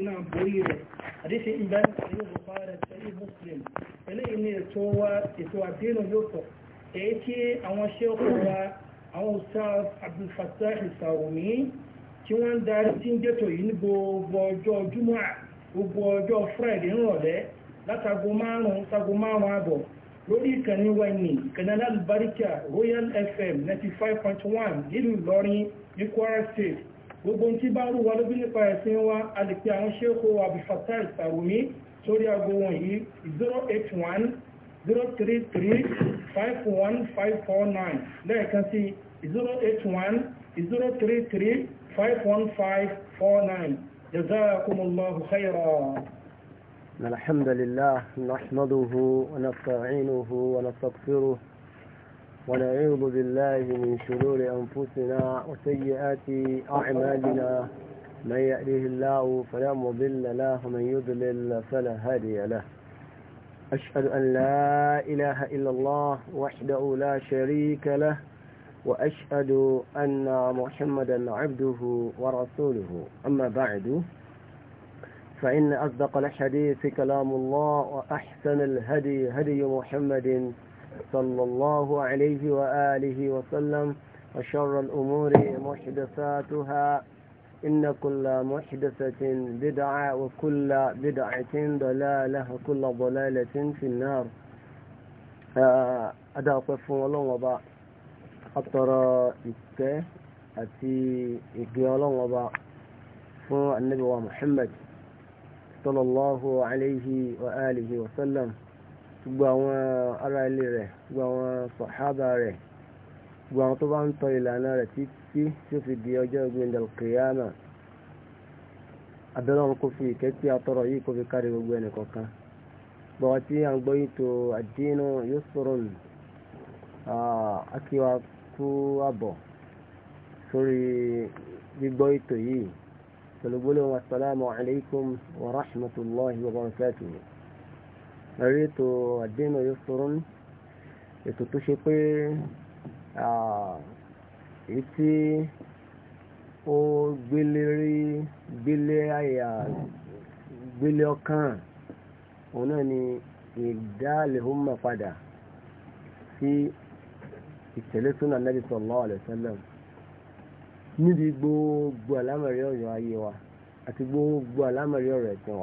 suna boye rẹ̀ àdíṣe ìgbẹ́ ìlú bukara tẹ́lẹ̀ muslim eléyìí ni ètò wa ètò àdínà yóò tọ̀ èyí tí àwọn ṣẹ́kù wa àwọn ustaz abdulfatah ìsàwòmí tí wọ́n ń darí tí ń jẹ́tò yìí ní gbogbo ọjọ́ júmọ́ gbogbo ọjọ́ friday ńrọ̀lẹ́ látago márùn-ún tago márùn-ún àbọ̀ lórí ìkànnì wẹ̀nì kanada albarika royal fm 95.1 nílùú ìlọrin ní kwara state gbogbo tí bá rú wa lóbi nípa ẹ̀sìn wa a lè pe àwọn ṣéèkó wa Abdulfatai Sarumi sórí aago wọ̀nyí zero eight one zero lẹ́ẹ̀kan sí zero eight one jazakumullahu khairan. الحمد لله نحمده ونستعينه ونستغفره ونعوذ بالله من شرور أنفسنا وسيئات أعمالنا من يأله الله فلا مضل له ومن يضلل فلا هادي له أشهد أن لا إله إلا الله وحده لا شريك له وأشهد أن محمدا عبده ورسوله أما بعد فإن أصدق الحديث كلام الله وأحسن الهدي هدي محمد صلى الله عليه وآله وسلم وشر الأمور محدثاتها إن كل محدثة بدعة وكل بدعة ضلالة وكل ضلالة في النار آه، قف الله وضع أطرى إكة أتي إكة الله وضع فالنبي محمد صلى الله عليه وآله وسلم gbogbo àwọn ará ilé rẹ̀ gbogbo àwọn sàhábà rẹ̀ gbogbo àwọn tó bá ń tọ ìlànà rẹ̀ títí tí ó fi di ọjọ́ ìgbìndàl kìyàmà abẹ́rẹ́ kò fi ìkẹ́ tí a tọrọ yìí kò fi kárí gbogbo ẹnì kọ̀ọ̀kan gbọ́wọ́ tí a ń gbọ́ yìí tó àdínú yóò sọ̀rọ̀ nù akíwa kú àbọ̀ sórí gbígbọ́ ètò yìí pẹ̀lú gbólóhùn assalamu alaikum wa rahmatullahi wa barakatuhu. ẹ̀rí ètò àdínà yóò sọ̀rọ̀ ní ètò tó ṣe pé èyí tí ó gbélé ọkàn òun náà ni ìdálẹ́hùnmọ̀ padà sí ìtẹ̀lé súnà Nabi níbi gbogbo ayé wa gbogbo ẹ̀sìn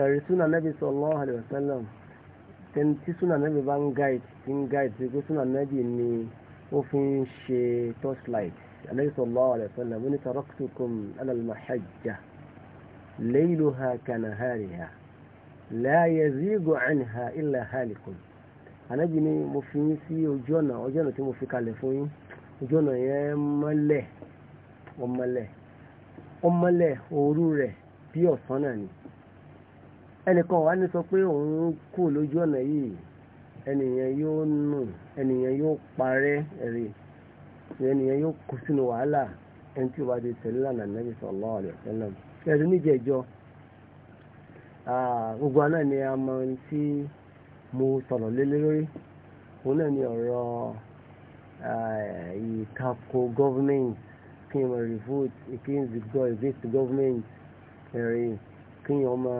ẹ̀rí súnà nẹ́bí sallallahu alaihi wasallam tẹni tí súnà nẹ́bí bá ń gáìdì tí ń gáìdì tí pé súnà nẹ́bí ni ó fi ń ṣe torchlight sallallahu alaihi wasallam ó ní taraktukum ala al-mahajja layluha na la yazigu anha illa halikun ànábì ni mo fi yín sí ojú ọ̀nà ojú ọ̀nà tí mo fi kalẹ̀ fún yín ojú ọ̀nà yẹn mọ́lẹ̀ ọmọlẹ̀ òru rẹ̀ bí ọ̀sán náà ni ẹnìkan wà ní sọ pé òun kù lójú ọ̀nà yìí ẹnìyàn yóò nù ẹnìyàn yóò parẹ́ ẹ̀rẹ̀ ẹnìyàn yóò kú sínú wàhálà ẹni tí ó bá ti tẹ̀lé lànà nàbì sallallahu alaihi wasallam ẹ̀rí níjẹ̀jọ́ gbogbo àná ni a mọ ohun tí mo sọ̀rọ̀ lé lórí òun náà ni ọ̀rọ̀ ìtako government kí n revolt against the government ẹ̀rí kí n ọmọ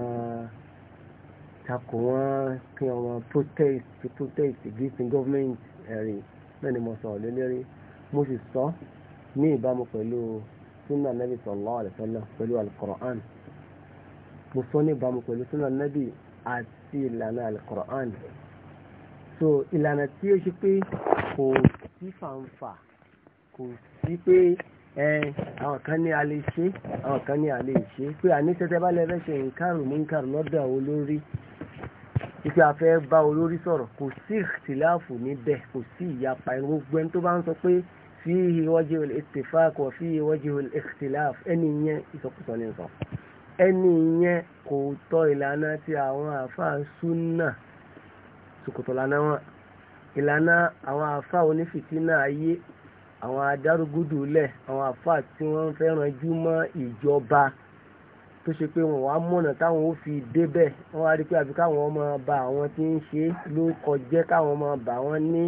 takò wọ́n kí wọ́n protest to protest against the government ẹ̀rìn náà ni mo sọ̀rọ̀ lélẹ́rí mo sì sọ ní ìbámu pẹ̀lú sunna nabi sallallahu alaihi wasallam pẹ̀lú alukoran mo sọ ní ìbámu pẹ̀lú sunna nabi àti ìlànà alukoran so ìlànà tí ó ṣe pé kò sí fàǹfà kò sí pé àwọn kan ní a lè ṣe àwọn kan ní a lè ṣe pé àní tẹ́tẹ́ bá lẹ́fẹ́ ṣe nǹkan rùmúǹkan lọ́dọ̀ àwọn olórí ipe afẹ́ bá olórí sọ̀rọ̀ kò sí ìtìláàfù níbẹ̀ kò sí ìyapa gbogbo ẹni tó bá ń sọ pé fi ìwọ́jì ìtìfáàkù fi ìwọ́jì ìtìláàfù ẹni yẹn ìsọkúsọ ní nǹkan ẹni yẹn kò tọ́ ìlànà tí àwọn àáfàá súnà sòkòtò lànà wọn ìlànà àwọn àáfàá onífìtínà ayé àwọn adárúgúdù lẹ̀ àwọn àáfàá tí wọ́n fẹ́ràn júmọ́ ìjọba tó ṣe pé wọn wá mọ̀nà táwọn ó fi débẹ̀ wọn wá rí pé àfi káwọn ọmọ bá àwọn tí ń ṣe ló kọjẹ́ káwọn ọmọ bá wọn ní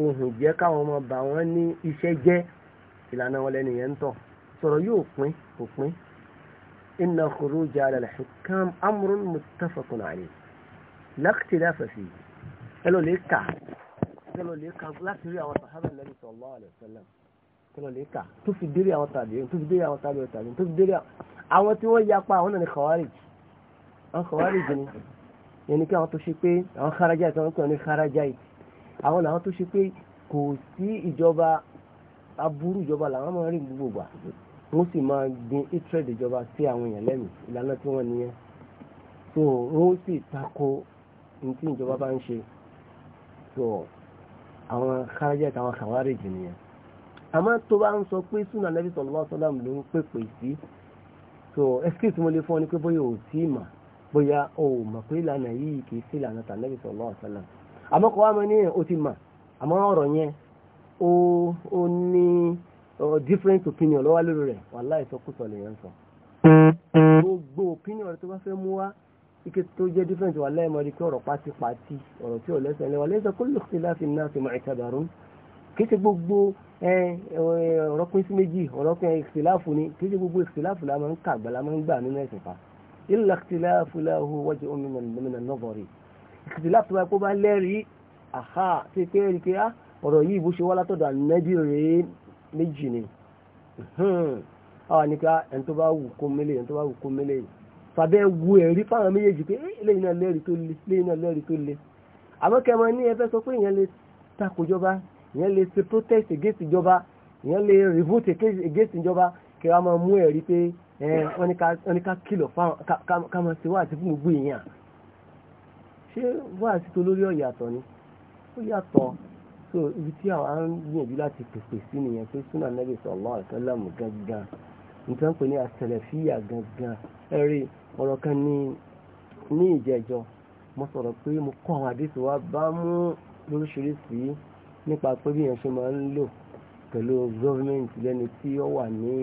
ohun jẹ́ káwọn ọmọ bá wọn ní iṣẹ́ jẹ́ ìlànà wọn lẹ́nu yẹn ń tọ̀ sọ̀rọ̀ yóò pín kò pín inna khuruj ala al-hukam amrun muttafaqun alayh la ikhtilafa fihi ẹ lọ lè kà láti rí àwọn sàhábà Nabi sallallahu alayhi wa sallam kí ló tó fi dérí àwọn tàbí tó fi dérí àwọn tàbí tó fi dérí àwọn tí wọ́n yapa àwọn náà ni khawarij àwọn khawarij ni yẹni kí àwọn tó ṣe pé àwọn kharajá ìtàn wọn kí wọn ní kharajá ìtì àwọn làwọn tó ṣe pé kò sí ìjọba aburú ìjọba làwọn máa rí gbogbo gbà wọ́n sì máa gbin hatred ìjọba sí àwọn èèyàn lẹ́nu ìlànà tí wọ́n nìyẹn so wọ́n sì tako ní tí ìjọba bá ń ṣe so àwọn kharajá ìtàn àwọn khawarij nìyẹn àmọ́ tó bá ń sọ pé sunan nabi sallallahu alaihi wasallam so excuse mo lè fún ọ ní pé bóyá ò tí ì mà bóyá o ò mọ̀ pé ìlànà yìí kì í sí ìlànà tànàbí sallallahu alaihi wasallam àmọ́ kọ́ wá mọ́ ní o ti mà àmọ́ ọ̀rọ̀ yẹn ó ó ní different opinion lọ́wọ́ lórí rẹ̀ wallahi ìsọkúsọ lèèyàn sọ. gbogbo opinion rẹ̀ tó bá fẹ́ mú wá ike tó jẹ́ different wallahi mọ̀ rí pé ọ̀rọ̀ pátípátí ọ̀rọ̀ tí ò lẹ́sẹ̀ lẹ́wọ̀ lẹ́sẹ̀ kullu ikhtilafin nasi mu'tabarun kì í ṣe gbogbo ọ̀rọ̀ pín sí méjì ọ̀rọ̀ pín ìṣìláàfù ni kì í ṣe gbogbo ìṣìláàfù la máa ń kà gbala máa ń gbà nínú ẹ̀sìn fa ilà ìṣìláàfù láhu wájú omi nàmínà nọ́bọ̀rì ìṣìláàfù wa kó bá lẹ́rìí àhà ṣe pé ẹ̀rí pé ah, ọ̀rọ̀ yìí bó ṣe wá látọ̀dọ̀ ànábì rèé méjì ni àwọn ni ká ẹni tó bá wù kó mélé ẹni bá wù kó mélé ìyẹn lè ṣe protest against ìjọba ìyẹn lè revolt against ìjọba kí wọ́n máa mú ẹ̀rí pé wọ́n ní ká kìlọ̀ fáwọn ká máa ṣe wáàsí fún gbogbo èèyàn ṣé wáàsí tó lórí ó yàtọ̀ ni ó yàtọ̀ so ibi tí àwọn á ń gbìyànjú láti pèpè sí nìyẹn pé súnà nàbì sallallahu alaihi wasallam gangan nǹkan pè ní àsàlàfíyà gangan ẹ̀rí ọ̀rọ̀ kan ní ní ìjẹ́jọ́ mo sọ̀rọ̀ pé mo kọ́ àwọn àdéhùn wa bá mú lóríṣiríṣi nípa pé bí èèyàn ṣe máa ń lò pẹ̀lú gọ́ọ̀mẹ̀ntì lẹ́ni tí ó wà ní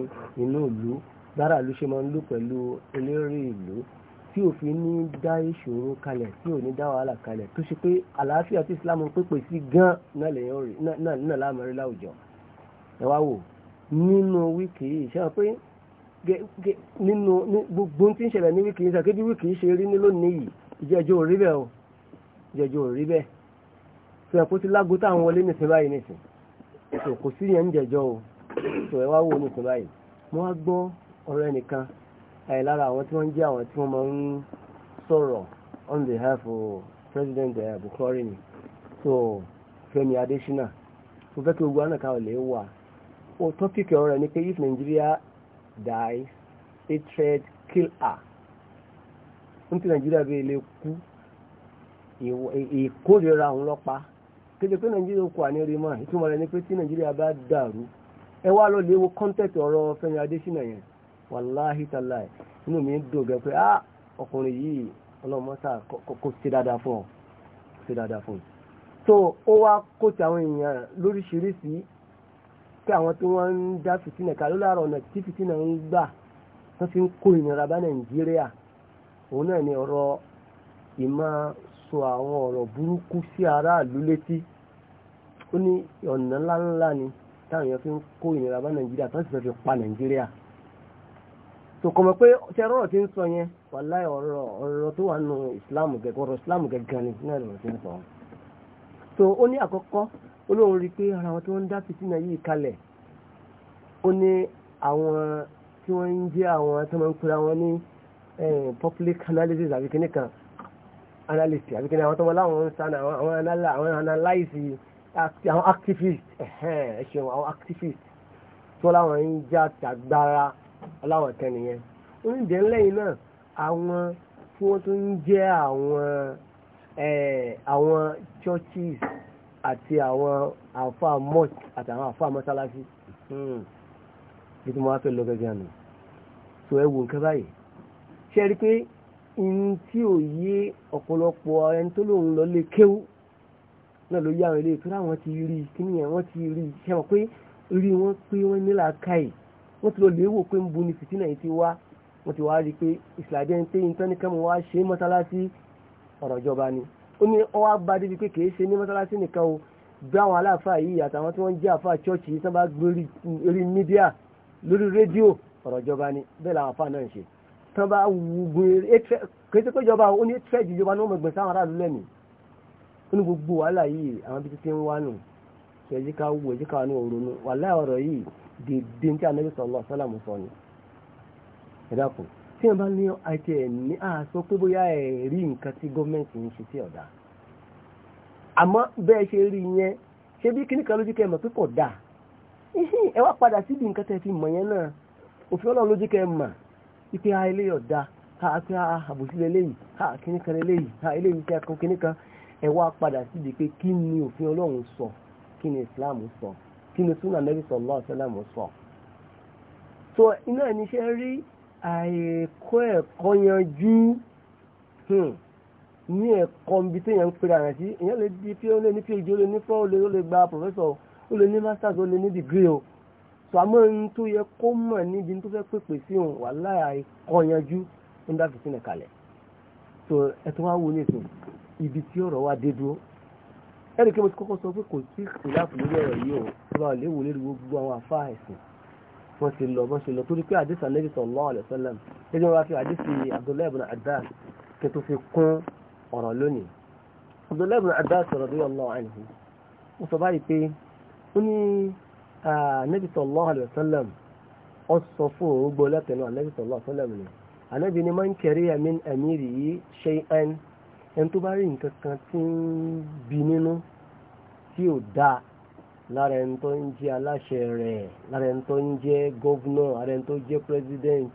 inú ìlú gbára ìlú ṣe máa ń lò pẹ̀lú eléré ìlú tí ò fi ní dá ìṣòro kalẹ̀ tí ò ní dá wàhálà kalẹ̀ tó ṣe pé àlàáfíà tí Islam pèpè sí gan náà láàmúrí láwùjọ ẹ wá wò nínú wíkì yìí ṣe wọn pé nínú gbogbo tí ń ṣẹlẹ̀ ní wíkì yìí ṣàkébi wíkì yìí ṣe rí ní lónìí yìí ìjẹ́jọ́ ò bẹ́ẹ̀ o ìjẹ́jọ́ ò rí bẹ́ẹ̀ tó ẹ̀kú ti lágo tá à báyìí nìsín kò sí yẹn ń jẹjọ́ o tó ẹ wá wò nìsín báyìí mo wá gbọ́ ọ̀rọ̀ ẹnìkan ẹ̀ lára àwọn tí wọ́n jẹ́ àwọn tí wọ́n máa on behalf of President uh, ni so femi adesina mo fẹ́ kí gbogbo ànàkà ò lè wà ó if Nigeria dies thread kill her n Nigeria be lè kú ìkórìíra òun lọ́pàá kéde pé nàìjíríà kò ma mọ́ ìtumọ̀ rẹ̀ ni pé tí nàìjíríà bá dàrú ẹ wá lọ léwu kọ́ńtẹ́ẹ̀tì ọ̀rọ̀ Fẹ́mi Adésínà yẹn wàláhì ẹ inú mi dùn gẹ́ pé ah ọkùnrin yìí ọlọ́mọ́sà kò fún so ó wá kó ti àwọn èèyàn lóríṣiríṣi àwọn tí wọ́n ń dá fìtínà ọ̀nà tí fìtínà ń gbà tó fi ń kó ìnira bá nàìjíríà òun náà ni sọ àwọn ọ̀rọ̀ burúkú sí aráàlú létí ó ní ọ̀nà ńláńlá ni táwọn èèyàn fi ń kó ìnira bá nàìjíríà tó sì fẹ́ pa nàìjíríà tó kọ̀ mọ̀ pé ṣe ọ̀rọ̀ tí ń sọ yẹn wàláì ọ̀rọ̀ ọ̀rọ̀ tó wà nù ìsìláàmù gẹ̀gẹ́ ọ̀rọ̀ ìsìláàmù gẹ̀gẹ́ ni náà lọ́rọ̀ tí ń sọ. tó ó ní àkọ́kọ́ rí i analyst àbí kí ni àwọn tó wọn láwọn ń sàn àwọn analyze àwọn activist ẹ ṣeun àwọn activist tó láwọn ń já tàgbára láwọn kan nìyẹn oúnjẹ ńlẹ́yìn náà àwọn tí wọ́n tún ń jẹ́ àwọn àwọn churches àti àwọn àfa mosque àti àwọn àfa mọ́sálásí hmm. bí tí mo wá fẹ́ lọ gẹ́gẹ́ àná tó ẹ wo nǹkan báyìí ṣe rí pé ní tí ò yé ọ̀pọ̀lọpọ̀ ẹni tó lòun lọ lè kéwú náà ló yá àwọn ilé ìtura wọn ti rí kíní yẹn wọn ti rí ṣe wọn pé rí wọn pé wọn nílà káì wọn ti lọ lè wò pé ń bu ni fìtínà yìí ti wá wọn ti wá rí i pé ìsìlájẹ ń pé nǹkan nìkan mọ wá ṣe mọ́sálásí ọ̀rọ̀ ìjọba ni ó ní ọwọ́ bá débi pé kì í ṣe ní mọ́sálásí nìkan o bí àwọn aláàfáà yìí àtàwọn tí wọ́n jẹ́ àfáà chọ́ọ̀chì yìí tí bá gbé rí mídíà lórí rédíò ọ̀rọ̀ ìjọba ni bẹ́ẹ̀ làwọn àfáà náà ń ṣe tán bá wùgbùn kété pé ìjọba ó ní tírẹ́jì ìjọba ní ọmọgbọ̀n sáwọn aráàlú lẹ́nu ó ní gbogbo wàhálà yìí àwọn bí títí ń wá nù ẹjí ká wù ẹjí ká wà ní òrònú wàhálà ọ̀rọ̀ yìí dèdè tí anabi sallallahu alaihi wasallam sọ ni ìdàpọ̀ tí wọ́n bá ní àti ẹ̀ ní àṣọ pé bóyá ẹ̀ rí nǹkan tí gọ́ọ̀mẹ̀ntì ń ṣe sí ọ̀dà àmọ́ bẹ́ẹ̀ ṣe rí yẹn ṣé bí kíníkan lójú kẹ́ ẹ̀ mọ̀ pé kò dáa ẹ wá padà síbi nǹkan tẹ́ fi mọ̀ yẹn náà òfin ọlọ́run lójú kẹ́ ẹ̀ mọ̀ ipe ha ilé ọ̀dá ha pé ha àbòsílẹ̀ eléyìí ha kíní kan eléyìí ha eléyìí tí a kan kíní kan ẹ wá padà sí di pé kí ni òfin ọlọ́run sọ kí ni islam sọ kí ni sunnah nabi sallallahu alaihi wasallam sọ. tó iná ẹni ṣe rí àìkọ́ ẹ̀kọ́ yanjú hmm, ní ẹ̀kọ́ ibi tí èèyàn ń pèrè àrẹ̀ sí èèyàn lè di pé ó lè ní phd ó lè ní fọ́ ó lè gba professor ó lè ní masters ó lè ní degree sọmọ ń tó yẹ kó mọ̀ níbi tó fẹ́ pèpè sí òun wà láyà ìkọyanjú ń bá fi sílẹ̀ kalẹ̀ tó ẹtọ́ wá wo nìkan ibi tí ọ̀rọ̀ wa dé dúró ẹnì kí mo ti kọ́kọ́ sọ pé kò sí ìlàpù lórí ọ̀rọ̀ yìí o tó bá lè wò lórí gbogbo àwọn afá ẹ̀sìn wọ́n ti lọ wọ́n ti lọ torí pé àdéhùn Ànábì sallallahu alaihi wasallam ẹjọ́ wa fi àdéhùn Abdullahi ibn kí tó fi kún ọ̀rọ̀ lónìí Abdullahi ibn Abbas radiyallahu anhu wọ́n sọ báyìí pé ó ní anabi sallallahu alayhi wa sallam ọ sọ fún òun gbọ́ látẹnu anabi sallallahu alayhi wa sallam ni anabi ni man kariha min amirihi shay'an ẹni tó bá rí nǹkan kan tí ń bi nínú tí ò dáa lára ẹni tó ń jẹ́ aláṣẹ rẹ̀ lára ẹni tó ń jẹ́ gọ́vnọ̀ lára ẹni tó jẹ́ pírẹ́sidẹ́ǹtì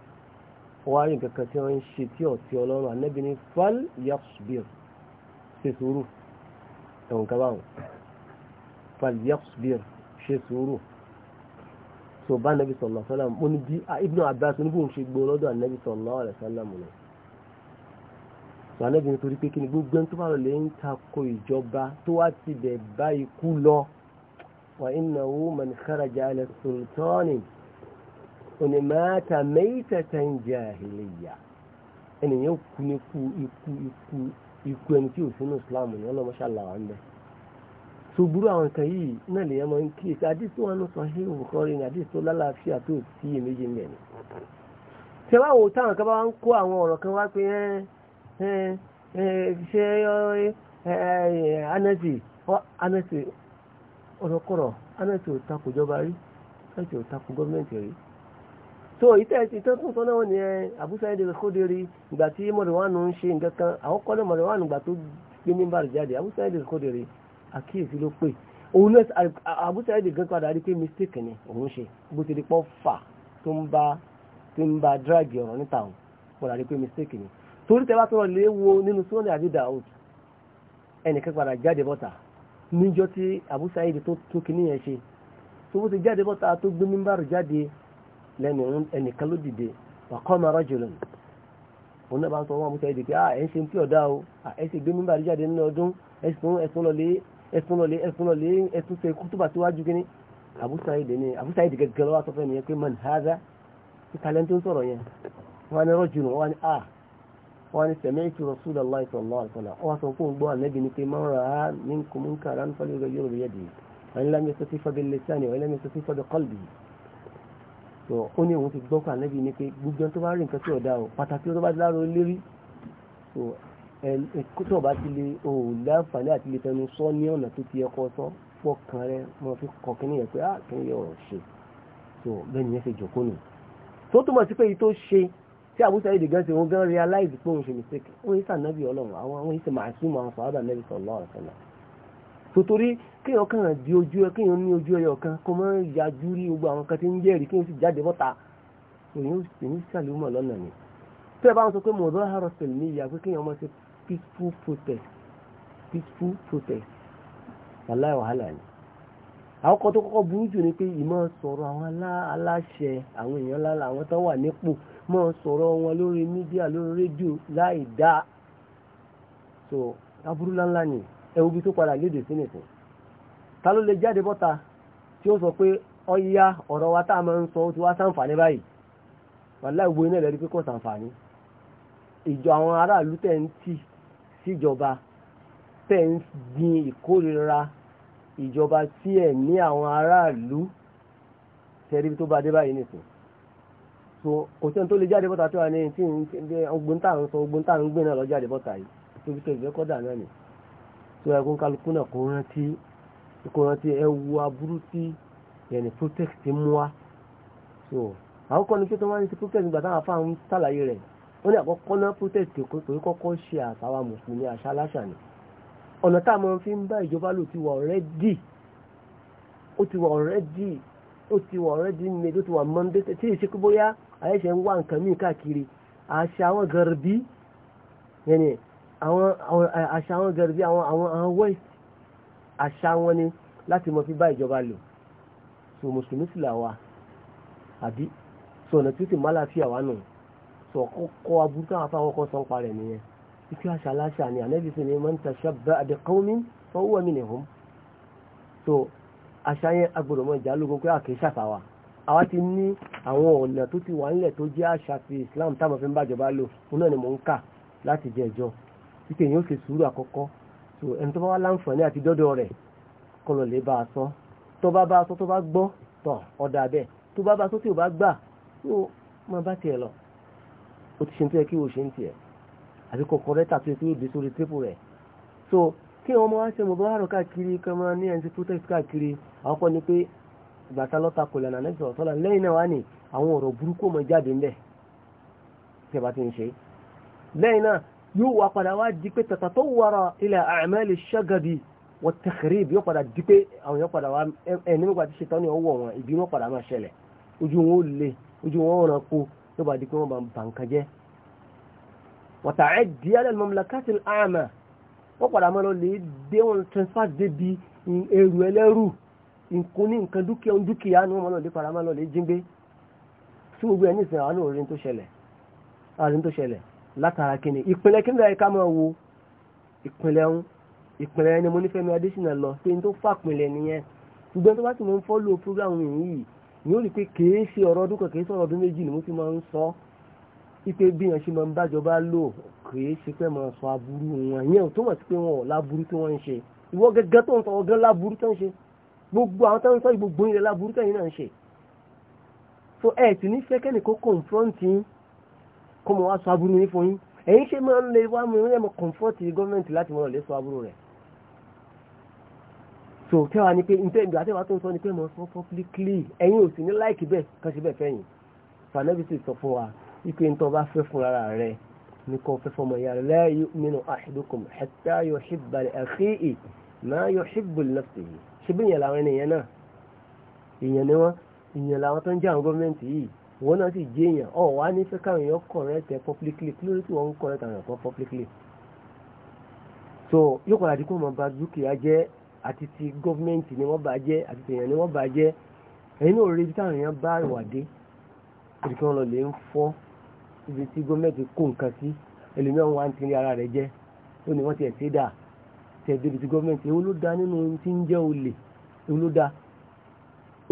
wárí nǹkan kan tí wọ́n ń ṣe tí ọ̀tí ọlọ́run anabi ni fal yasbir ṣe sùúrù ẹ̀wọ̀n kábàáwọ̀ fal yasbir ṣe sùúrù so bá nàbì sallallahu alaihi wasallam mo ní bí ah, ibnu abbas níbi òun ṣe gbó lọ́dọ̀ ànàbì sallallahu alaihi wasallam lọ. sọ ànàbì nítorí pé kí ni gbogbo ẹni tó bá lọ lè ń takò ìjọba tó wá ti bẹ̀ bá ikú lọ wa innahu man kharaja ala sultani òní máa ta maytatan jahiliya ẹnìyẹn kú ní kú ikú ikú ikú ẹni tí ò sínú islam ni ọlọ́mọṣàlá wa ń bẹ́ẹ̀. ṣùgbúrú àwọn nǹkan yìí náà lèèyàn máa ń kíyèsí àdìsí wọn sọ ṣé òkúkọrí ni tó lálàáfíà tó sí iyèméjì mẹ ni. ṣé wàá wò táwọn kan bá ń kó àwọn ọ̀rọ̀ kan wá pé ṣé anẹ́tì anẹ́tì ọ̀rọ̀kọ̀rọ̀ anẹ́tì ò takò ìjọba rí anẹ́tì ò takò gọ́ọ̀mẹ̀ntì rí. tó ìtẹ́ ìtẹ́ tó sọ náà ni àbúṣe ìgbà tí ń ṣe nǹkan kan àkíyèsí ló pè òun náà àbúṣe ẹ̀dì gan padà rí pé mistake ni òun ṣe bó ti di pọ́ fà tó ń bá tó ń bá dírágì ọ̀rọ̀ níta òun padà rí pé mistake ni torí tẹ́ bá tọrọ lé wo nínú sọ́ọ̀nì àbí Daoud ẹnìkan padà jáde bọ́ta níjọ́ tí àbúṣe ẹ̀dì tó tó kíní yẹn ṣe tó bó ti jáde bọ́ta tó gbé mímbàrú jáde lẹ́nu ẹnìkan ló dìde wà kọ́ ni òun náà bá ń sọ wọn àbúṣe ẹ̀dì pé ah, ẹ̀ ń ṣe ń tí ọ̀dá o ah, ẹ̀ sì gbé mímbàrú jáde nínú ọdún ẹ̀ sì tún ẹ̀ tún lọ lé ẹtún lọlé ẹtún lọlé ẹtún sọ ikú tó bá síwájú kí ni Abu Sa'id ni Abu Sa'id gẹ́gẹ́ lọ́wọ́ sọ fẹ́ nìyẹn pé man haza ti talẹ́ tó ń sọ̀rọ̀ yẹn wọ́n ní rajul wọ́n ní a ah. wọ́n ní sami'tu Rasulullahi sallallahu alaihi wasallam wọ́n sọ fún gbọ́ ànábì ni pé man ra'a minkum munkaran falyughayyirhu biyadihi wa in lam yastati' fa bilisani wa in lam yastati' fa biqalbihi tó ó ní òun ti gbọ́ pé ànábì ni pé gbogbo tó bá rí nǹkan ọ̀dà o pàtàkì tó bá dárò lérí ẹ̀kútọ̀ bá ti lè o láǹfààní àti lè tẹnu sọ ní ọ̀nà tó ti ẹkọ sọ fọkàn rẹ mo fi kọ kíní yẹn pé á ah, kíní yẹn ọ̀rọ̀ ṣe tó bẹ́ẹ̀ nìyẹn ṣe jòkó nù tó túmọ̀ sí pé èyí tó ṣe tí àbúṣe ayédè gan ṣe wọn gan realize pé òun ṣe mistake wọn yìí sànàbì ọlọ́run àwọn àwọn yìí ṣe màásùmù àwọn sọ̀rọ̀ àbànẹ́bí sọ̀rọ̀ ọ̀rọ̀ sọ̀rọ̀ tòtòrí kéèyàn kàn di ojú ẹ kéèyàn ní ojú ẹyọ kan kó mọ yájú rí gbogbo àwọn kan tí ń jẹ́rìí kéèyàn sì jáde bọ́ta èyí ó sàlùmọ̀ lọ́nà ni. tí ẹ bá ń sọ pé mọ̀ọ́dọ́ àròsẹ̀ ní ìyá pé kéèyàn máa ṣe peaceful protest peaceful protest wàláì wàhálà ni àwọn kan tó kọ́kọ́ burú jù ni pé ìmọ̀ sọ̀rọ̀ àwọn aláṣẹ àwọn èèyàn lára àwọn tó wà nípò mọ̀ sọ̀rọ̀ wọn lórí mídíà lórí rédíò láì dá so aburú ńláńlá ni ẹ̀wù bí tó padà léde sí nìkan ta ló lè jáde bọ́ta tí ó sọ pé ọya ọ̀rọ̀ wa tá a máa ń sọ ó ti wá sàǹfààní báyìí wàláì wo iná ìlẹ́rí pé kò sàǹfààní ìjọ àwọn aráàlú tẹ̀ ń tì síjọba tẹ̀ ń gbin ìkórira ìjọba tí ẹ̀ ní àwọn aráàlú tẹ̀rí tó bá dé báyìí nìsín so kò tí wọn tó lè jáde bọ́ta tó wà ní tí ọgbọ́n tá à ń sọ ọgbọ́n tá à ń gbé náà lọ jáde bọ́ta yìí tó fi tẹ̀lé kọ́dà náà nì tó ẹ kún kálukú náà kò rántí kò rántí ẹ wu aburú tí yẹnì protect mú wa so àwọn kan ní pé tó máa ń ṣe protect gbà táwọn afáàmù sàlàyé rẹ̀ wọ́n ní àkọ́kọ́ náà protest kò pé kọ́kọ́ ṣe àṣàwà mùsùlùmí àṣà ni ọ̀nà tá a máa fi ń bá ìjọba lò ti wà ọ̀rẹ́dì ó ti wà ọ̀rẹ́dì ó ti wà ọ̀rẹ́dì made ó ti wà mandate tí ì ṣe pé bóyá àyẹ̀ṣẹ̀ ń wá nǹkan míì káàkiri àṣà àwọn gẹ̀rẹ̀bí yẹnì àwọn àṣà àwọn gẹ̀rẹ̀bí àwọn àwọn west àṣà wọn ni láti mọ fi bá ìjọba lò so mùsùlùmí sì là àbí so ọ̀nà tí ó ti má láfíà wà náà sọ kọ́kọ́ aburú táwọn afá kọ́kọ́ sọ ń parẹ̀ nìyẹn ikú àṣà aláṣà ni ànábì sì ni man tashabbaha bi qawmin fa huwa minhum so àṣà yẹn agbọ́dọ̀ mọ́ ìjà lógun pé àkè ṣàfàwà àwa ti ní àwọn ọ̀nà tó ti wà nílẹ̀ tó jẹ́ àṣà ti Islam táwọn fi ń bàjọba lò òun náà ni mò ń kà láti jẹ ẹjọ́ wípé èèyàn ó ṣe sùúrù àkọ́kọ́ so ẹni tó bá wá láǹfààní àti dọ́dọ̀ rẹ̀ kọlọ̀ lè bá a sọ tó bá bá a sọ tó bá gbọ́ tọ̀ ọ̀dà bẹ́ẹ̀ tó bá bá a sọ tí ò bá gbà yóò máa bá tiẹ̀ lọ ó ti ṣe tó yẹ kí o ṣe ń tiẹ̀ àbí kọ̀ọ̀kan lẹ́tà tó yẹ kí o dé sórí tébù rẹ̀ so kí wọn máa ṣe mọ̀ bá rọ̀ káàkiri kí wọn máa ní ẹni tí protest káàkiri àwọn kan ní pé ìgbàta lọ́ta kò lẹ́nà nẹ́bí sọ̀rọ̀ sọ́la lẹ́yìn náà wá ní àwọn ọ̀rọ̀ burúkú mọ̀ jáde ńbẹ̀ tí ẹ bá ti ń ṣe lẹ́yìn náà yóò wá padà wá di pé tata tó wara ila a'mali shagabi wa takhrib yóò padà di pé àwọn yóò padà wá ẹ nígbà tí ṣetán ni ọwọ́ wọn ìbínú padà máa ṣẹlẹ̀ ojú wọn ó le ojú wọn ó ràn yóò bá di pé wọ́n bá ń ba nǹkan jẹ́ wọ́tà ẹ̀ di alẹ́ mọ̀mọ́lákàtì àmà wọ́n padà máa lọ lè dé wọn transfer débi ẹrù ẹlẹ́rù nǹkan ní nǹkan dúkìá dúkìá ni wọ́n máa lọ lè padà máa lọ lè jíngbé sí gbogbo ẹ̀ ní ìsìn àwọn òrin tó ṣẹlẹ̀ àrin tó ṣẹlẹ̀ látara kíni ìpínlẹ̀ kíni lẹ́yìn ká máa wo ìpínlẹ̀ ń ìpínlẹ̀ ẹni mo nífẹ̀ẹ́ mi adésínà lọ pé n tó fà pínlẹ̀ nìyẹn ṣùgbọ́n tó bá sì mọ̀ ń fọ́lù program yìí yóò rí pé kìí ṣe ọ̀rọ̀ ọdún kan kìí sọ̀rọ̀ ọdún méjì ni mo ti máa ń sọ ipe bí yẹn ṣe máa ń bájọba lò kìí ṣe pé máa sọ aburú wọn yẹn ò tó mọ̀ sí pé wọn ò láburú tí wọ́n ń ṣe ìwọ gẹ́gẹ́ tó ń sọ ọgán láburú tó ń ṣe gbogbo àwọn tó ń sọ gbogbo ilẹ̀ láburú tó yìí ń ṣe so ẹ ti ní fẹ́ kẹ́ni kó confront yín kó mọ̀ wá sọ aburú yín fún yín ẹ̀yin ṣe máa ń lè wá mi rẹ́ mọ̀ confront gọ́ọ̀mẹ̀ntì láti mọ̀ lè sọ aburú rẹ̀ so kẹwàá ni pé ntẹ́ ìgbà tẹ́wàá tó ń sọ ni pé mo sọ publicly ẹ̀yin ò sì ní láìkì bẹ́ẹ̀ kan ṣe bẹ́ẹ̀ fẹ́yìn fanabi sì sọ fún wa ipe ntọ́ bá fẹ́ fún ara rẹ ní kò fẹ́ fọmọ ìyá rẹ la yu'minu ahadukum hatta yuhibba li akhihi ma yuhibbu li nafsihi ṣe bí ìyẹn làwọn ènìyàn náà èèyàn ni wọ́n èèyàn làwọn tó ń jẹ́ àwọn gọ́ọ̀mẹ́ntì yìí wọ́n náà sì jẹ́ èèyàn ọ̀ wá ní fẹ́ káwọn èèyàn correct ẹ publicly kí lórí tí wọ́n ń correct àwọn èèyàn publicly so yóò padà dín kó mọ̀ bá dúkìá jẹ́ àti ti gọ́fìmẹ̀ntì ni wọ́n bá jẹ́ àti tèèyàn ni wọ́n bá jẹ́ ẹ̀yin náà rí ibi táwọn èèyàn bá ìwàdé ibi tí wọ́n lọ lè ń fọ́ ibi tí gọ́fìmẹ̀ntì kó nǹkan sí ẹlòmíràn wá ń tiri ara rẹ̀ jẹ́ ó ní wọ́n ti ẹ̀sẹ̀ dà tẹ̀ débi tí gọ́fìmẹ̀ntì ewu ló da nínú ohun tí ń jẹ́ olè ewu ló da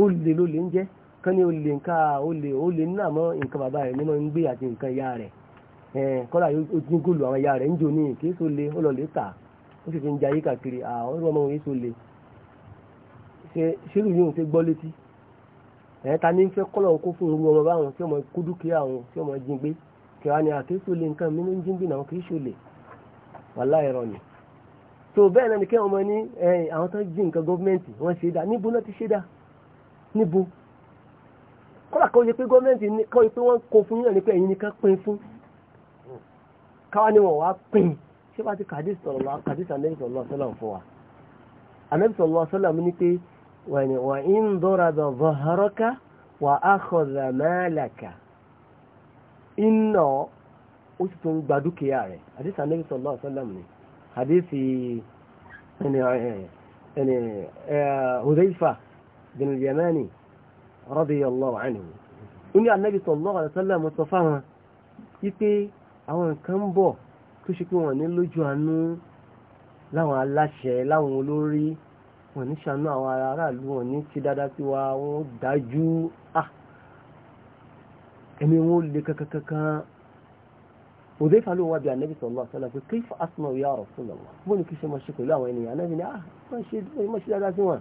olè ló lè ń jẹ́ kán ní olè nǹka olè olè nínú àmọ́ nǹkan bàbá rẹ̀ ní máa ń gbé àti nǹkan ìyá rẹ̀ kọ́lá yóò dín gòlù àwọn ìyá rẹ̀ ń jò ní kí ó lè ó lọ lè tà á ó sì fi ń jayé káàkiri àwọn ìlú ọmọ òun yìí tó le ṣe ṣírù yóò ṣe gbọ́ létí ẹ̀ ta ní fẹ́ kọ́lọ̀ kó fún irú ọmọ báwọn tí ọmọ kú dúkìá àwọn tí ọmọ jí gbé kí wọ́n á ní àkéésù lè nǹkan mi ní jíǹbì náà kì í ṣòlè wàláhì irọ́ ni. tó bẹ́ẹ̀ náà ni kí ọmọ ní àwọn tó jí nǹkan gọ́ọ̀mẹ̀ntì wọ́n ṣe dá níbo náà ti ṣe dá níbo kọ́lá kọ́ yẹ pé gọ́ọ̀mẹ̀ntì kọ́ yẹ pé wọ́n kó fún yín náà ní pé ẹ̀yin nìkan pín fún káwá ni wọ́n wá pín ṣé bá ti kàdí sọ̀rọ̀ kàdí sànẹ́bí sọ̀rọ̀ sọ́lá fún wa ànẹ́bí sọ̀rọ̀ sọ́lá mi ní pé wà ń dọ́ra bẹ̀ bọ̀hárọ́ká wà á kọ̀dà mẹ́lẹ̀kà iná ó sì tún gba dúkìá rẹ̀ àdí sànẹ́bí sọ̀rọ̀ sọ́lá mi àdí fi ẹni ẹni Hudayfa bin al-Yamani radiyallahu anhu ó ní ànẹ́bí sọ̀rọ̀ sọ́lá mi sọ tó ṣe pé wọ́n ní lójú àánú láwọn aláṣẹ láwọn olórí wọ́n ní ṣàánú àwọn aráàlú wọ́n ní ti dáadáa sí wa wọ́n dájú ah! ẹ̀mí wọn lè kankankan òdèfà ló wà bí anabi sallallahu alaihi wasallam pé kí fa asma ya rasulullah bó ni kí ṣe máa ṣe pẹ̀lú àwọn ènìyàn anabi ni ah máa ṣe dáadáa sí wọn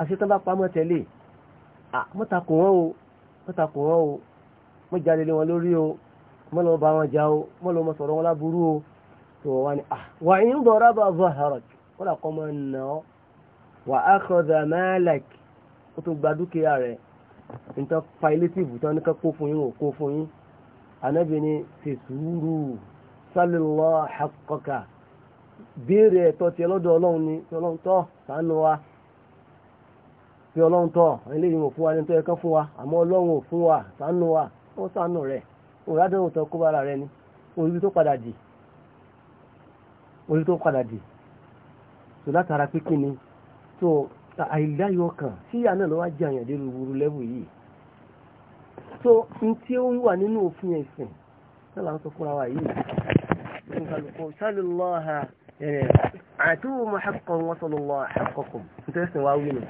àṣetán bá pamọ́ tẹ̀lé ah, mọ́takùn wọn o mọ́takùn wọn o mọ́jáde lé wọn lórí o mọ́ lọ bá wọn jà o mọ́ lọ mọ́ sọ̀rọ̀ wọn láburú o tó wà ní à ah, wà ń dọ̀rọ̀ bá bọ̀ harak wọ́n là kọ́ mọ́ nà ọ́ wà á kọ́ dà mẹ́lẹ̀k ó tún gba dúkìá rẹ̀ níta pailétìfù tán ní ká kó fún yín ò kó fún yín anábì ni tẹ̀sùrù sálílọ́ àkọ́kà béèrè ẹ̀tọ́ tiẹ̀ lọ́dọ̀ ọlọ́run ni ọlọ́run tọ́ sànù wa fi ọlọ́run tọ́ eléyìí ò òrádọ́wò tó kó bára rẹ ni orí tó padà dì orí tó padà dì tó látara pé kí ni tó àìláyọ̀ kan síyà náà ló wá jẹ àyàn dé rúburú lẹ́wù yìí tó n tí ó ń wà nínú òfin ẹ̀sìn náà là ń sọ fúnra wa yìí ní kálukú sálùlọ́ha ẹ̀rẹ̀ àti òun mọ̀ ṣàkọ̀ọ́ wọn sọ̀lọ́lọ́ àkọ́kọ̀ nítorí sìn wá wí nù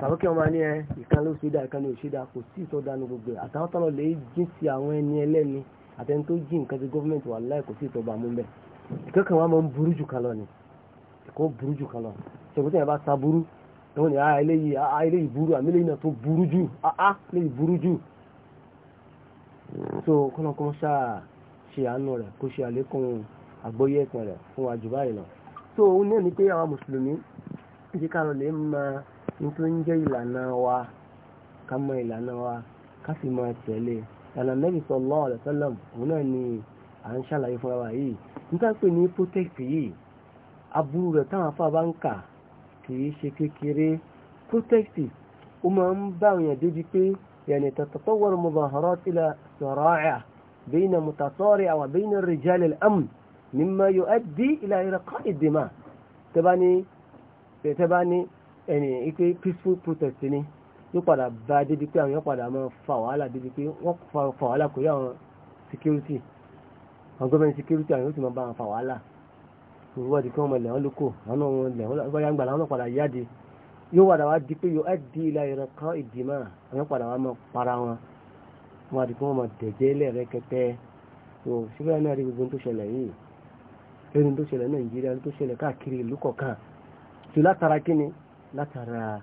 tàbí kí wọ́n máa ní ẹ ìkan ló ṣe dá ìkan ló ṣe dá kò sí ìsọdánù gbogbo ẹ̀ àtàwọn lè jí sí àwọn ẹni ẹlẹ́ni àtẹni tó jí nǹkan ti gọ́fíńmẹ̀ntì wà láì kò sí ìtọ́ba mú bẹ́ẹ̀ ìkẹ́kọ̀ọ́ wọn máa ń burú jù kan ni ìkọ́ burú jù kan lọ yẹn bá sa burú ẹ̀wọ̀n ni ah, eléyìí ah, ah, eléyìí burú àmì eléyìí náà tó burú jù áá eléyìí burú jù so kọ́nà kọ́ ṣáà ṣe àánú rẹ̀ so ó ní ẹ̀ ní pé àwọn nítorí ń jẹ́ ìlànà wa ká mọ ìlànà wa ká sì máa tẹ̀lé ìlànà Nabi sallallahu alaihi wasallam òun náà ni à ń ṣàlàyé fúnra wa yìí níta pé ní protect yìí aburú rẹ̀ táwọn afá bá ń kà kì í ṣe kékeré protect ó máa ń bá àwọn èèyàn débi pé yẹnì tatatawwar mudaharat ila sara'a bayna mutasari'a wa bayna rijal al-amn mimma yu'addi ila irqa'i ad-dima tẹ́bá ní ẹni ike peaceful protest ni yóò padà bá débi pé àwọn yóò padà máa fa wàhálà débi pé wọ́n fa wàhálà kò yá àwọn security àwọn government security àwọn yóò ti máa bá wọn fa wàhálà ìwọ́n di kí wọ́n mọ ilẹ̀ wọn lóko àwọn ọmọ ilẹ̀ wọn yá ń gbà náà padà yáde yóò padà wá di pé yóò á di ilà ìran kan ìdìmọ̀ àwọn padà wá máa para wọn wọn àti kí wọ́n máa dẹ̀jẹ́ ilẹ̀ rẹ kẹtẹ́ tó síbẹ̀ náà rí gbogbo tó ṣẹlẹ̀ yìí lórí tó ṣẹlẹ̀ Nàìjíríà tó ṣẹlẹ̀ káàkiri ìlú kọ̀ọ̀kan tó látara kí ni látara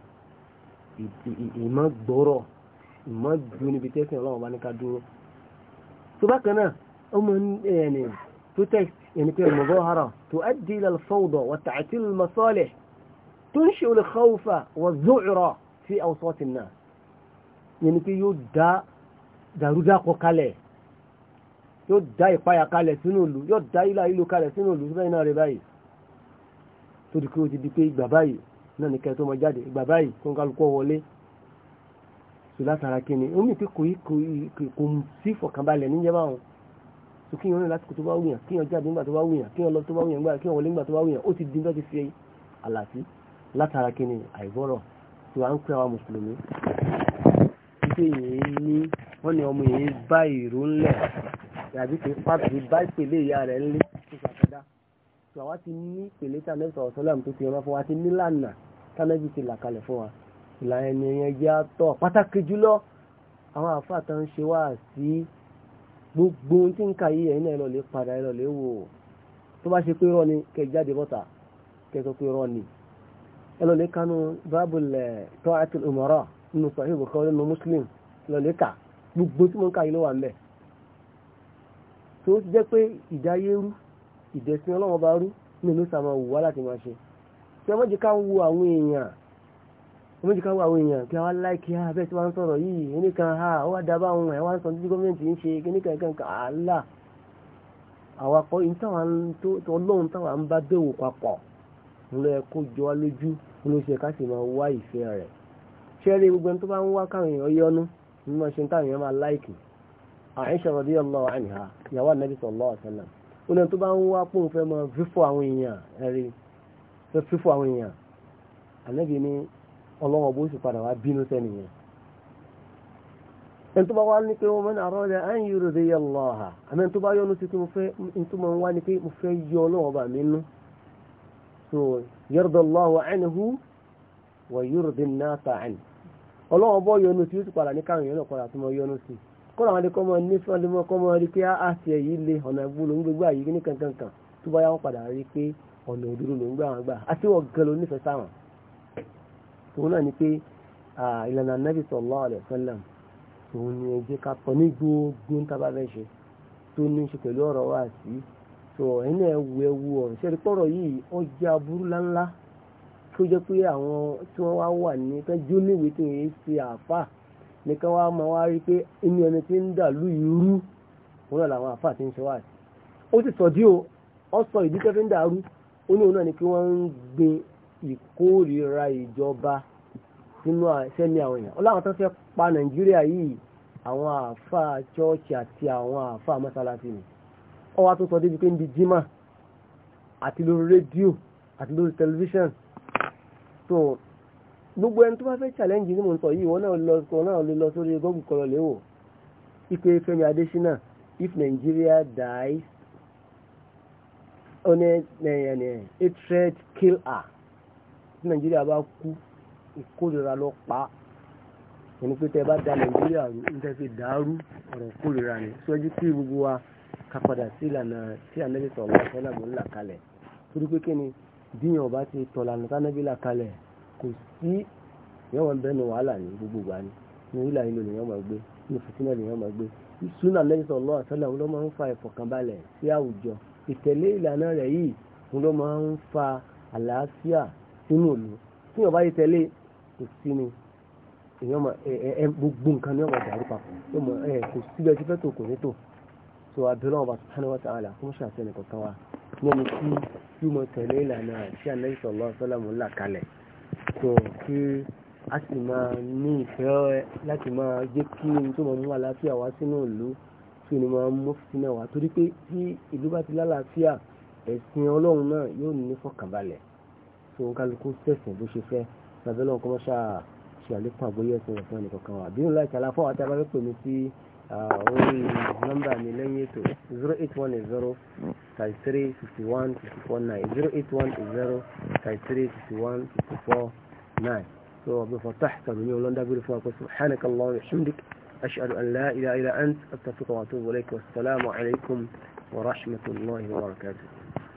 ìmọ̀ gbọ́rọ̀ ìmọ̀ dúró níbi tẹ́sán ọlọ́run bá ní ká dúró. tó bákan náà ọmọ eh, ẹni protest ẹni pé mudahara tuaddi ila al-fawda wa ta'til al-masalih tunshi'u al-khawfa wa zura fi awsat an pé yóò dá dàrúdàpọ̀ kalẹ̀ yóò dá ìpayà kalẹ̀ sínú ìlú yóò dá ilà ìlú kalẹ̀ sínú ìlú síbẹ̀ náà báyìí tó dìkú ti di pé ìgbà báyìí náà ní kẹ́ẹ̀ tó máa jáde ìgbà báyìí kó ń kálukọ́ wọlé sọ látara kíni ó mì pé kò kò sí ìfọ̀kànbalẹ̀ níjẹ́ báwọn sọ kíyàn rìn lásìkò tó bá wùyàn kíyàn jáde nígbà tó bá wùyàn kíyàn lọ tó bá wùyàn nígbà kíyàn wọlé nígbà tó bá wùyàn ó ti dín lọ́ti fi àlàfí látara kíni àìgbọ́rọ̀ tó à ń pè àwa mùsùlùmí wípé yìí ní wọ́n ní ọmọ yìí bá ìró ńlẹ̀ tàbí kì í pàtó bá ìpèlè ìyá rẹ̀ ńlẹ̀ tó ṣàkàdá tó àwa ti ní ìpele tí anabi sọ̀rọ̀ sọ́lá tó ti rán fún wa ti ní lànà tánàbí ti là kalẹ̀ fún wa ìlànà ẹni yẹn jẹ́ àtọ̀ pàtàkì jùlọ àwọn àfáà tó ń ṣe wá sí gbogbo tí ń ka yìí ẹ̀yin náà lọ́ọ́ lè padà ẹ̀ lọ́ọ́ lè wò ó tó bá ṣe pé rọ́ ni kẹ̀ jáde bọ́ta kẹ̀ sọ pé rọ́ ni ẹ lọ́ọ́ lè kánú bábùlẹ̀ tó àti umara nínú sahih bukhari nínú muslim lọ́ọ́ lè kà gbogbo tí mo ń ìdẹ̀sìn ọlọ́wọ́ bá rú ní ìlú sàmà wù láti máa ṣe tí wọ́n jẹ́ ká ń wo àwọn èèyàn wọ́n jẹ́ ká wo àwọn èèyàn kí wọ́n láìkí ha bẹ́ẹ̀ tí wọ́n ń sọ̀rọ̀ yìí oníkan ha ah, ó wá dábàá àwọn ẹ̀ wọ́n sọ títí gọ́ọ̀mẹ̀ntì ń ṣe kíníkan kan àwọn akọ ọlọ́run táwọn ń bá bẹ̀wò papọ̀ ń lọ ẹkọ jọ wá lójú ká sì oní tó bá ń wá pòun fẹ́ mọ fífọ́ àwọn èèyàn ẹ̀rí fẹ́ fífọ́ àwọn èèyàn ànábì ní ọlọ́wọ́ bó sì padà wá bínú sẹ́niyàn ẹni tó bá wá ní pé wọ́n mẹ́rin àrọ́ rẹ̀ ẹ̀yìn yóò rẹ̀ yẹ lọ ha àmì tó bá yọnu sí pé mo fẹ́ tó máa ń wá ní pé ọlọ́wọ́ bà yọnu sí ó sì padà ní káwọn yẹn náà tó máa yọnu sí kọ́ra àwọn adékọ́ máa ní fún adémọ́ kọ́ máa rí pé á ah, ah, ti ẹ̀yí le ọ̀nà ìgbólo ń gbégbá yìí ní kankankan tó bá yá wọn padà rí pé ọ̀nà òdúró ló gbà wọn gbà àti wọ́n gan ló nífẹ̀ẹ́ sáwọn. òun náà ni pé ìlànà anábì sallallahu alaihi wasallam òun ni ẹ jẹ́ ká pọ̀ ní gbogbo tábà fẹ́ ṣe tó ní ṣe pẹ̀lú ọ̀rọ̀ wá sí sọ ẹ̀yìn náà wù ẹ wù ọ̀rọ̀ ṣẹ́ni pọ̀rọ̀ yìí nìkan wá mọ wá rí pé inú ẹni tí ń dàlú irú òun náà làwọn àfáà ti ń ṣe wá sí ó ti sọ dí o ọ sọ ìdí tẹ́ fi ń dàrú ó ní òun náà ni pé wọ́n ń gbin ìkórìíra ìjọba sínú sẹ́ni àwọn èèyàn ọlọ́run tó fẹ́ pa nàìjíríà yìí àwọn àfáà chọ́ọ̀chì àti àwọn àfáà mọ́sálásí ni ọ wá tó sọ débi pé ń di jimá àti lórí rédíò àti lórí tẹlifíṣàn tó gbogbo ẹni tó bá fẹ́ challenge ní mò ń sọ yìí wọn náà lọ sọ náà lè lọ sórí gọ́ọ̀gù kọlọ léwò ipe Fẹ́mi Adésínà if Nigeria dies one eh, ẹyẹnì eh, hatred eh, kill her tí Nigeria bá kú ìkórira lọ pa ẹni pé tẹ bá da Nigeria ń tẹ́ fi dàrú ọ̀rọ̀ ìkórira ni síwájú kí gbogbo wa ká padà sí ìlànà tí Ànábì sọ̀rọ̀ ọ̀sán náà mò ń là kalẹ̀ torí pé kí ni bí yàn bá ti tọ̀lànà tánábì là kalẹ̀ kò sí ìyẹn wọn bẹ́ẹ̀ nu wàhálà ní gbogbo ìgbà ni ní wílà yìí lónìí yẹn máa gbé ní fìtínà ni yẹn máa gbé ìsúná lẹ́yìn sọ̀rọ̀ àtọ́lá òun ló máa ń fa ìfọ̀kànbalẹ̀ sí àwùjọ ìtẹ̀lé ìlànà rẹ̀ yìí òun ló máa ń fa àlàáfíà sínú ìlú tí yóò bá yí tẹ̀lé kò sí ni gbogbo nǹkan ni ọmọ ìdàrú papọ̀ kò síbẹ̀ tí fẹ́ tó kò ní tò tó abẹ́rẹ́ ọba subhanahu wa ta'ala fún ṣàtẹnìkọ̀kan wa ní ẹni tí yóò mọ tẹ̀lé ìlànà àti àlẹ́ ìsọ̀lọ́ tó kí a sì máa ní ìfẹ́ láti máa jẹ́ kí ohun tó máa mú àlàáfíà wá sínú ìlú tí ó ní máa mú fìtínà wá torí pé tí ìlú bá ti lálàáfíà ẹ̀sìn ọlọ́run náà yóò ní fọkànbalẹ̀ tó ń kálukú sẹ̀sìn bó ṣe fẹ́ tàbí ọlọ́run kọ́mọ́ṣà ṣe àlékún àgbóyè ẹ̀sìn ẹ̀sìn ẹnìkọ̀ọ̀kan wà bí òun láì ṣàlàfọ́ àti abáfẹ́ pèmí sí wani lamba mai lanye to 08103515449 08103515449 so abu fatah ka min yau landa gudu fa ko subhanaka allah wa hamdik ashhadu an la ilaha illa ant astaghfiruka wa atubu ilaik wa assalamu alaikum wa rahmatullahi wa barakatuh